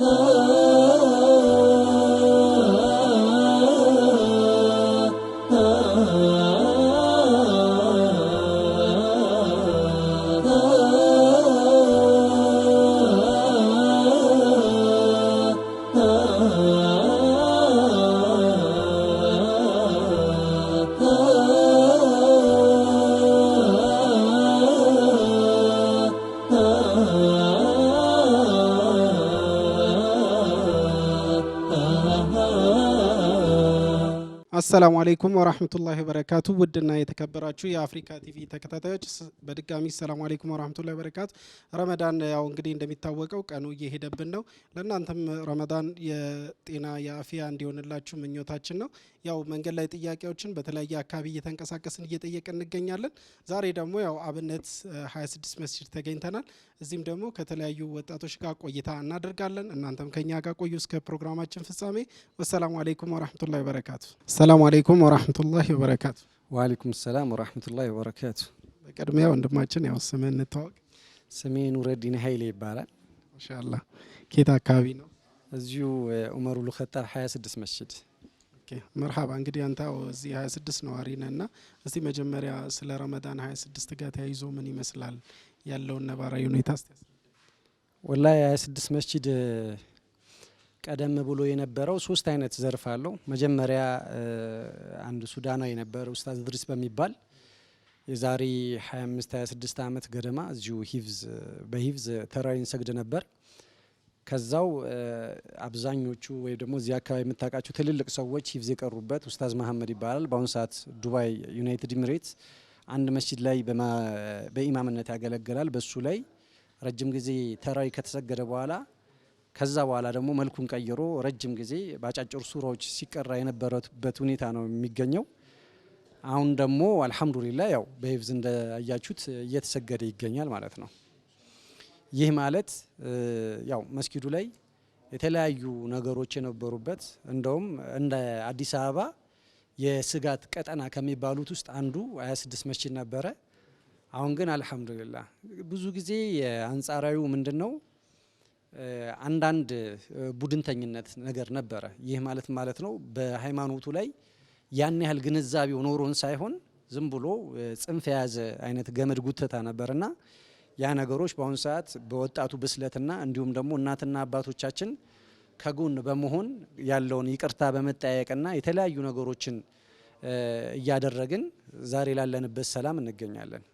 Oh. አሰላሙ አለይኩም ወራህመቱላሂ ወበረካቱ። ውድና የተከበራችሁ የአፍሪካ ቲቪ ተከታታዮች በድጋሚ ሰላሙ አለይኩም ወራህመቱላሂ ወበረካቱ። ረመዳን ያው እንግዲህ እንደሚታወቀው ቀኑ እየሄደብን ነው። ለእናንተም ረመዳን የጤና የአፍያ እንዲሆንላችሁ ምኞታችን ነው። ያው መንገድ ላይ ጥያቄዎችን በተለያየ አካባቢ እየተንቀሳቀስን እየጠየቀ እንገኛለን። ዛሬ ደግሞ ያው አብነት 26 መስጅድ ተገኝተናል። እዚህም ደግሞ ከተለያዩ ወጣቶች ጋር ቆይታ እናደርጋለን። እናንተም ከኛ ጋር ቆዩ እስከ ፕሮግራማችን ፍጻሜ። ወሰላሙ አለይኩም ወራህመቱላሂ ወበረካቱ። አሰላሙ አሌይኩም ወራህመቱላህ ወበረካቱ። ወአሌይኩም ሰላም ወራህመቱላህ ወበረካቱ። በቅድሚያ ወንድማችን ያው ስምህ እንታወቅ። ስሜ ኑረዲን ሀይሌ ይባላል። ማሻላ ኬት አካባቢ ነው? እዚሁ ዑመር ብኑ ኸጣብ 26 መስጅድ። መርሀባ እንግዲህ አንተ እዚህ 26 ነዋሪ ነህ እና እስቲ መጀመሪያ ስለ ረመዳን 26 ጋር ተያይዞ ምን ይመስላል ያለውን ነባራዊ ሁኔታ ስ ወላ 26 መስጅድ ቀደም ብሎ የነበረው ሶስት አይነት ዘርፍ አለው። መጀመሪያ አንድ ሱዳናዊ ነበር ኡስታዝ ድሪስ በሚባል የዛሬ 25 26 ዓመት ገደማ እዚሁ ሂቭዝ በሂቭዝ ተራዊን ሰግድ ነበር። ከዛው አብዛኞቹ ወይ ደግሞ እዚህ አካባቢ የምታውቃቸው ትልልቅ ሰዎች ሂቭዝ የቀሩበት ኡስታዝ መሀመድ ይባላል። በአሁኑ ሰዓት ዱባይ ዩናይትድ ኤሚሬትስ አንድ መስጂድ ላይ በኢማምነት ያገለግላል። በሱ ላይ ረጅም ጊዜ ተራዊ ከተሰገደ በኋላ ከዛ በኋላ ደግሞ መልኩን ቀይሮ ረጅም ጊዜ በአጫጭር ሱራዎች ሲቀራ የነበረበት ሁኔታ ነው የሚገኘው። አሁን ደግሞ አልሐምዱሊላ ያው በሂፍዝ እንዳያችሁት እየተሰገደ ይገኛል ማለት ነው። ይህ ማለት ያው መስጊዱ ላይ የተለያዩ ነገሮች የነበሩበት እንደውም እንደ አዲስ አበባ የስጋት ቀጠና ከሚባሉት ውስጥ አንዱ 26 መስጂድ ነበረ። አሁን ግን አልሐምዱሊላ ብዙ ጊዜ አንጻራዊው ምንድን ነው አንዳንድ ቡድንተኝነት ነገር ነበረ። ይህ ማለት ማለት ነው በሃይማኖቱ ላይ ያን ያህል ግንዛቤው ኖሮን ሳይሆን ዝም ብሎ ጽንፍ የያዘ አይነት ገመድ ጉተታ ነበርና ያ ነገሮች በአሁኑ ሰዓት በወጣቱ ብስለትና እንዲሁም ደግሞ እናትና አባቶቻችን ከጎን በመሆን ያለውን ይቅርታ በመጠያየቅና የተለያዩ ነገሮችን እያደረግን ዛሬ ላለንበት ሰላም እንገኛለን።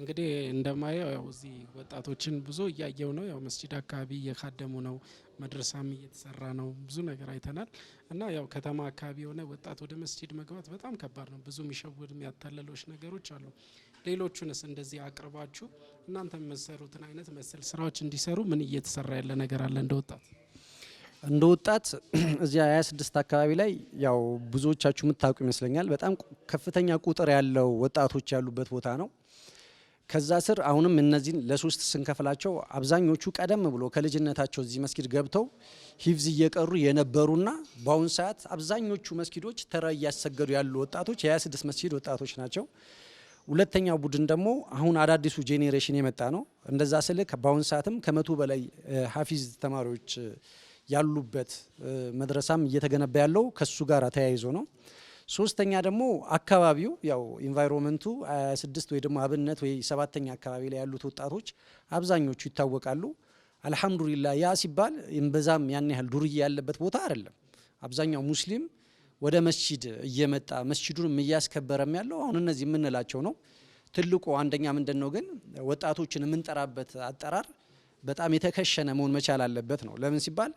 እንግዲህ እንደማየው ያው እዚህ ወጣቶችን ብዙ እያየው ነው። ያው መስጂድ አካባቢ እየካደሙ ነው፣ መድረሳም እየተሰራ ነው። ብዙ ነገር አይተናል እና ያው ከተማ አካባቢ የሆነ ወጣት ወደ መስጂድ መግባት በጣም ከባድ ነው። ብዙ የሚሸውድ የሚያታለሎች ነገሮች አሉ። ሌሎቹንስ እንደዚህ አቅርባችሁ እናንተ የምትሰሩትን አይነት መሰል ስራዎች እንዲሰሩ ምን እየተሰራ ያለ ነገር አለ እንደ ወጣት? እንደ ወጣት እዚያ 26 አካባቢ ላይ ያው ብዙዎቻችሁ የምታውቁ ይመስለኛል። በጣም ከፍተኛ ቁጥር ያለው ወጣቶች ያሉበት ቦታ ነው። ከዛ ስር አሁንም እነዚህን ለሶስት ስንከፍላቸው አብዛኞቹ ቀደም ብሎ ከልጅነታቸው እዚህ መስጊድ ገብተው ሂፍዝ እየቀሩ የነበሩና በአሁን ሰዓት አብዛኞቹ መስጊዶች ተራ እያሰገዱ ያሉ ወጣቶች የ26 መስጊድ ወጣቶች ናቸው። ሁለተኛው ቡድን ደግሞ አሁን አዳዲሱ ጄኔሬሽን የመጣ ነው። እንደዛ ስል በአሁን ሰዓትም ከመቶ በላይ ሀፊዝ ተማሪዎች ያሉበት መድረሳም እየተገነባ ያለው ከሱ ጋር ተያይዞ ነው። ሶስተኛ ደግሞ አካባቢው ያው ኢንቫይሮንመንቱ ስድስት ወይ ደግሞ አብነት ወይ ሰባተኛ አካባቢ ላይ ያሉት ወጣቶች አብዛኞቹ ይታወቃሉ። አልሐምዱሊላ ያ ሲባል እምብዛም ያን ያህል ዱርዬ ያለበት ቦታ አይደለም። አብዛኛው ሙስሊም ወደ መስጂድ እየመጣ መስጂዱን እያስከበረም ያለው አሁን እነዚህ የምንላቸው ነው። ትልቁ አንደኛ ምንድን ነው ግን ወጣቶችን የምንጠራበት አጠራር በጣም የተከሸነ መሆን መቻል አለበት ነው። ለምን ሲባል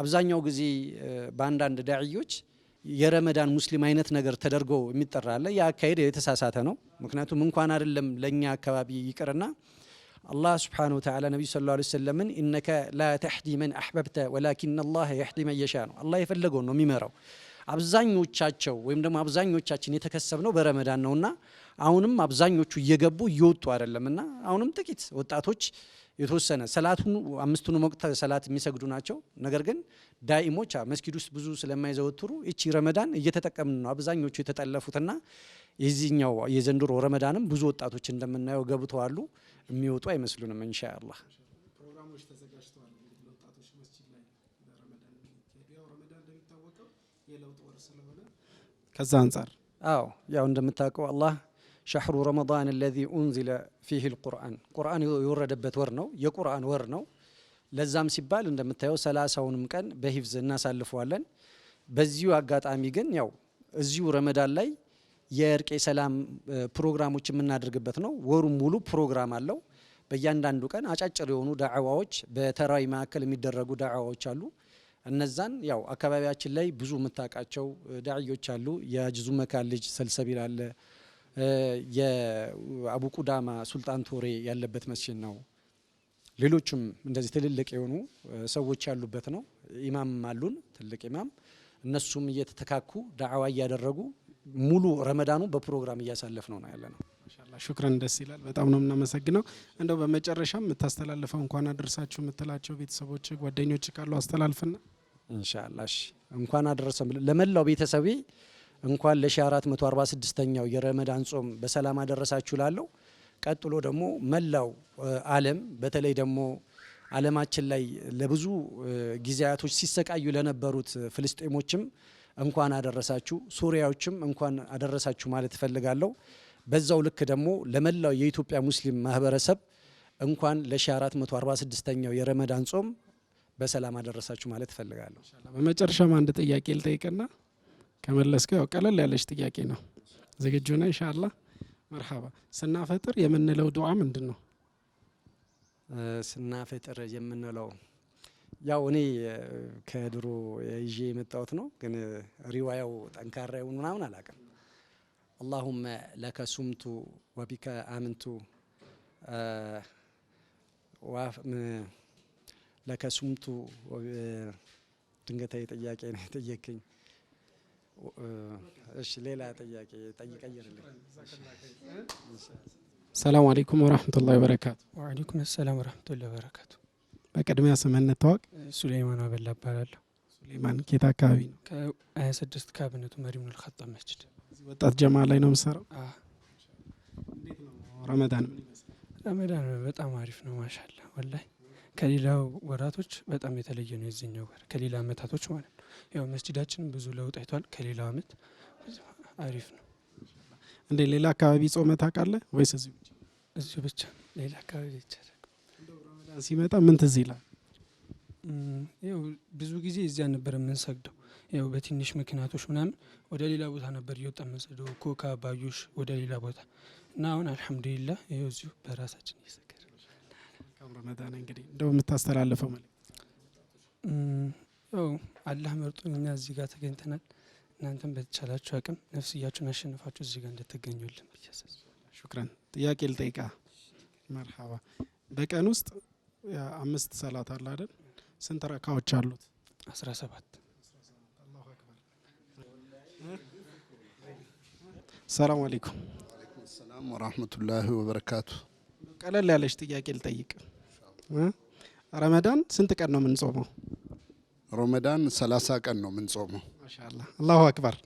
አብዛኛው ጊዜ በአንዳንድ ዳዕዮች የረመዳን ሙስሊም አይነት ነገር ተደርጎ የሚጠራ አለ። ያ አካሄድ የተሳሳተ ነው። ምክንያቱም እንኳን አይደለም ለእኛ አካባቢ ይቅርና አላህ ስብሓነሁ ወተዓላ ነቢዩ ሰለላሁ ዐለይሂ ወሰለምን ኢነከ ላ ተሕዲ መን አሕበብተ ወላኪን አላህ የሕዲ መን የሻ ነው። አላህ የፈለገውን ነው የሚመራው። አብዛኞቻቸው ወይም ደግሞ አብዛኞቻችን የተከሰብነው በረመዳን ነውና አሁንም አብዛኞቹ እየገቡ እየወጡ አይደለም እና አሁንም ጥቂት ወጣቶች የተወሰነ ሰላቱን አምስቱን ወቅት ሰላት የሚሰግዱ ናቸው። ነገር ግን ዳኢሞች መስጊድ ውስጥ ብዙ ስለማይዘወትሩ እቺ ረመዳን እየተጠቀምን ነው። አብዛኞቹ የተጠለፉትና የዚህኛው የዘንድሮ ረመዳንም ብዙ ወጣቶች እንደምናየው ገብተዋሉ። የሚወጡ አይመስሉንም። ኢንሻአላህ ፕሮግራሞች ተዘጋጅተዋል። ወጣቶች ላይ ረመዳን እንደሚታወቀው የለውጥ ወር ስለሆነ ከዛ አንጻር አዎ ያው እንደምታውቀው አላህ ሻህሩ ረመዳን አለዚ ኡንዚለ ፊህ ልቁርአን ቁርአን የወረደበት ወር ነው። የቁርአን ወር ነው። ለዛም ሲባል እንደምታየው ሰላሳውንም ቀን በሂፍዝ እናሳልፈዋለን። በዚሁ አጋጣሚ ግን ያው እዚሁ ረመዳን ላይ የእርቅ ሰላም ፕሮግራሞች የምናደርግበት ነው። ወሩ ሙሉ ፕሮግራም አለው። በእያንዳንዱ ቀን አጫጭር የሆኑ ዳዕዋዎች በተራዊ መካከል የሚደረጉ ዳዕዋዎች አሉ። እነዛን ያው አካባቢያችን ላይ ብዙ የምታውቃቸው ዳዕዮች አሉ። የጅዙመካ ልጅ ሰልሰቢል አለ የአቡ ቁዳማ ሱልጣን ቶሬ ያለበት መስጂድ ነው። ሌሎችም እንደዚህ ትልልቅ የሆኑ ሰዎች ያሉበት ነው። ኢማም አሉን ትልቅ ኢማም። እነሱም እየተተካኩ ዳዕዋ እያደረጉ ሙሉ ረመዳኑ በፕሮግራም እያሳለፍ ነው ያለ ነው። ሹክረን፣ ደስ ይላል። በጣም ነው የምናመሰግነው። እንደው በመጨረሻም የምታስተላልፈው እንኳን አደረሳችሁ የምትላቸው ቤተሰቦች፣ ጓደኞች ካሉ አስተላልፍና። እንሻላሽ እንኳን አደረሰ ለመላው ቤተሰቤ እንኳን ለ1446ኛው የረመዳን ጾም በሰላም አደረሳችሁ ላለው ቀጥሎ ደግሞ መላው ዓለም በተለይ ደግሞ ዓለማችን ላይ ለብዙ ጊዜያቶች ሲሰቃዩ ለነበሩት ፍልስጤሞችም እንኳን አደረሳችሁ፣ ሱሪያዎችም እንኳን አደረሳችሁ ማለት እፈልጋለሁ። በዛው ልክ ደግሞ ለመላው የኢትዮጵያ ሙስሊም ማህበረሰብ እንኳን ለ1446ኛው የረመዳን ጾም በሰላም አደረሳችሁ ማለት እፈልጋለሁ። በመጨረሻም አንድ ጥያቄ ልጠይቅና ከመለስከው ያው ቀለል ያለች ጥያቄ ነው። ዝግጁ ነህ? ኢንሻአላህ መርሐባ። ስናፈጥር የምንለው ዱዓ ምንድን ነው? ስናፈጥር የምንለው ያው እኔ ከድሮ ይዤ የመጣሁት ነው፣ ግን ሪዋያው ጠንካራ ይሁን ምናምን አላውቅም። አላሁመ ለከ ሱምቱ ወቢከ አምንቱ ለከ ሱምቱ ድንገታዊ ጥያቄ ነው የጠየቅኝ። እሺ ሌላ ጥያቄ ጠይቀይርልኝ። ሰላም አለይኩም ወራህመቱላሂ ወበረካቱ። ወአለይኩም ሰላም ወራህመቱላሂ ወበረካቱ። በቅድሚያ ስምህን እንታወቅ። ሱሌይማን አበላ እባላለሁ። ሱሌይማን ኬት አካባቢ ነው? ከሀያ ስድስት ካብነቱ መሪሙል ኸጣብ መስጂድ። ወጣት ጀማ ላይ ነው የምሰራው። ረመዳን ረመዳን በጣም አሪፍ ነው ማሻላ ወላይ ከሌላው ወራቶች በጣም የተለየ ነው የዚህኛው ወር ከሌላ አመታቶች ማለት ነው። ያው መስጂዳችን ብዙ ለውጥ አይቷል። ከሌላው አመት አሪፍ ነው። እንዴ ሌላ አካባቢ ጾመ ታውቃለህ ወይስ እዚሁ ብቻ? እዚሁ ብቻ። ሌላ አካባቢ ይቻላል። ረመዳን ሲመጣ ምን ትዝ ይላል? ያው ብዙ ጊዜ እዚያ ነበር የምንሰግደው። ያው በትንሽ ምክንያቶች ምናምን ወደ ሌላ ቦታ ነበር እየወጣ የምንሰግደው። ኮካ ባዮሽ ወደ ሌላ ቦታ እና አሁን አልሐምዱሊላ ይኸው እዚሁ በራሳችን እየሰግድ ክብሩ መዳን እንግዲህ እንደው የምታስተላልፈው መልእክት? ያው አላህ መርጦን እኛ እዚህ ጋር ተገኝተናል። እናንተም በተቻላችሁ አቅም ነፍስያችሁን አሸንፋችሁ እዚህ ጋር እንደተገኙልን ብያሰስ ሹክረን። ጥያቄ ልጠይቃ። መርሃባ በቀን ውስጥ አምስት ሰላት አለ አይደል? ስንት ረካዎች አሉት? አስራ ሰባት ሰላም አለይኩም ወረህመቱላሂ ወበረካቱ። ቀለል ያለች ጥያቄ ልጠይቅ። ረመዳን ስንት ቀን ነው የምንጾመው? ረመዳን ሰላሳ ቀን ነው የምንጾመው። ማሻላ አላሁ አክበር።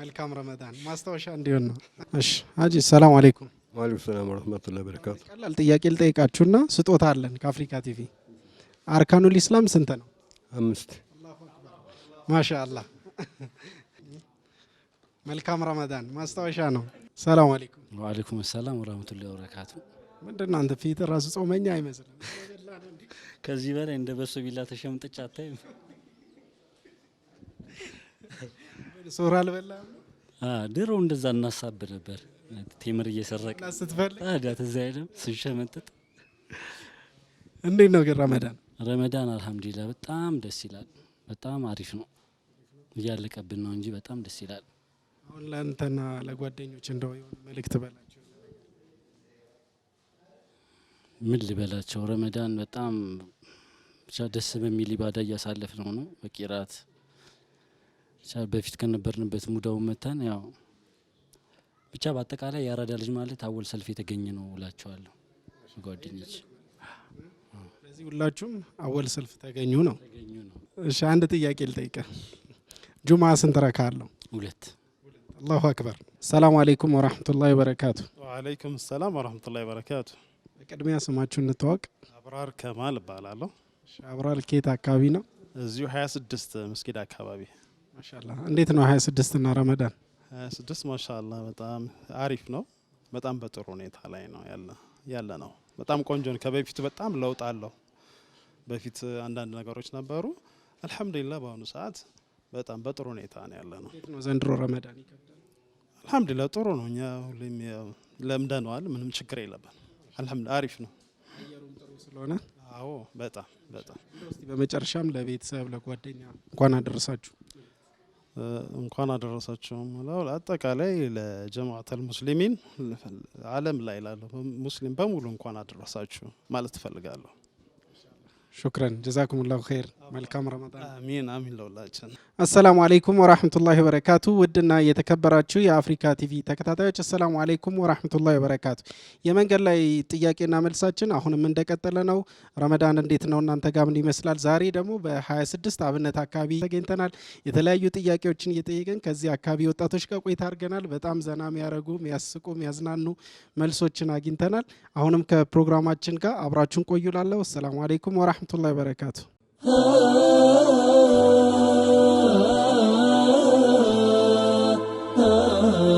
መልካም ረመዳን ማስታወሻ እንዲሆን ነው። እሺ ሀጂ ሰላም አለይኩም። ዋሌኩም ሰላም ወረህመቱላሂ ወበረካቱ። ቀላል ጥያቄ ልጠይቃችሁና ስጦታ አለን ከአፍሪካ ቲቪ። አርካኑል ኢስላም ስንት ነው? አምስት። ማሻላ መልካም ረመዳን ማስታወሻ ነው። ሰላም አለይኩም። ዋሌኩም ሰላም ወረህመቱላሂ ወበረካቱ። ምንድን ነው አንተ ፊት ራሱ ጾመኛ አይመስልም። ከዚህ በላይ እንደ በሶ ቢላ ተሸምጥጭ አታይም። ሶራ አልበላ ድሮ እንደዛ እናሳብ ነበር። ቴምር እየሰረቀ ስትፈልግ ታዲያ ትዝ አይልም ስንሸመጥጥ። እንዴት ነው ግን ረመዳን? ረመዳን አልሐምዱሊላ በጣም ደስ ይላል። በጣም አሪፍ ነው። እያለቀብን ነው እንጂ በጣም ደስ ይላል። አሁን ለአንተና ለጓደኞች እንደው መልእክት በላ ምን ልበላቸው ረመዳን በጣም ብቻ ደስ በሚል ኢባዳ እያሳለፍ ነው ነው በቂራት ብቻ በፊት ከነበርንበት ሙዳው መተን ያው ብቻ በአጠቃላይ የአራዳ ልጅ ማለት አወል ሰልፍ የተገኘ ነው እላቸዋለሁ ጓደኞች። ስለዚህ ሁላችሁም አወል ሰልፍ ተገኙ ነው። እሺ አንድ ጥያቄ ልጠይቀ ጁማ ስንት ረካ አለው? ሁለት። አላሁ አክበር። ሰላሙ አሌይኩም ወረመቱላ ወበረካቱ። ወአለይኩም ሰላም ወረመቱላ ወበረካቱ። በቅድሚያ ስማችሁ እንታወቅ። አብራር ከማል እባላለሁ። አብራር ኬት አካባቢ ነው? እዚሁ 26 መስጊድ አካባቢ። ማሻላ እንዴት ነው 26 እና ረመዳን? 26 ማሻላ በጣም አሪፍ ነው። በጣም በጥሩ ሁኔታ ላይ ነው ያለ ያለ ነው። በጣም ቆንጆ ነው። ከበፊቱ በጣም ለውጥ አለው። በፊት አንዳንድ ነገሮች ነበሩ። አልሐምዱሊላ በአሁኑ ሰዓት በጣም በጥሩ ሁኔታ ነው ያለ ነው። እንዴት ነው ዘንድሮ ረመዳን? አልሐምዱሊላ ጥሩ ነው። እኛ ሁሌም ለምደነዋል። ምንም ችግር የለብን አልሐምዱሊላህ አሪፍ ነው አየሩም ጥሩ ስለሆነ። አዎ በጣም በጣም። እስቲ በመጨረሻም ለቤተሰብ ለጓደኛ እንኳን አደረሳችሁ እንኳን አደረሳችሁ ላው አጠቃላይ ለጀማዓተል ሙስሊሚን ዓለም ላይ ላለው ሙስሊም በሙሉ እንኳን አደረሳችሁ ማለት እፈልጋለሁ። ሹክረን ጀዛኩሙላሁ ኸይር መልካም ረመዳን። አሚን አሚን ለሁላችን። አሰላሙ አለይኩም ወራህመቱላሂ ወበረካቱ። ውድና የተከበራችሁ የአፍሪካ ቲቪ ተከታታዮች አሰላሙ አለይኩም ወራህመቱላሂ ወበረካቱ። የመንገድ ላይ ጥያቄና መልሳችን አሁንም እንደቀጠለ ነው። ረመዳን እንዴት ነው እናንተ ጋር ምን ይመስላል? ዛሬ ደግሞ በ26 አብነት አካባቢ ተገኝተናል። የተለያዩ ጥያቄዎችን እየጠየቅን ከዚህ አካባቢ ወጣቶች ጋር ቆይታ አድርገናል። በጣም ዘና የሚያደርጉ የሚያስቁ፣ የሚያዝናኑ መልሶችን አግኝተናል። አሁንም ከፕሮግራማችን ጋር አብራችሁን ቆዩላለሁ። አሰላሙ አለይኩም ወራህመቱላሂ ወበረካቱ። ah, ah, ah,